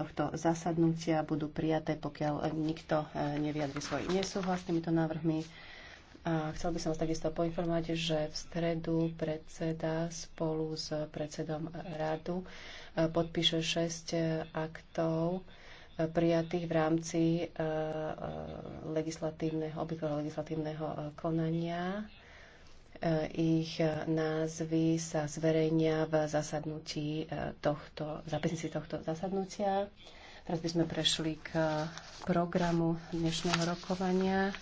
tohto zasadnutia budú prijaté, pokiaľ eh, nikto eh, neviadri svoj nesúhlas s týmito návrhmi. A chcel by som vás takisto poinformovať, že v stredu predseda spolu s predsedom radu eh, podpíše 6 aktov prijatých v rámci legislatívneho, obvyklého legislatívneho konania. Ich e, názvy sa zverejnia v zasadnutí e, tohto, zapisnici tohto zasadnutia. Teraz by sme prešli k programu dnešného rokovania.